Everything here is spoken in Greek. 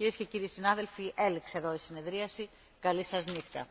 Κυρίες και κύριοι συνάδελφοι, έληξε εδώ η συνεδρίαση. Καλή σας νύχτα.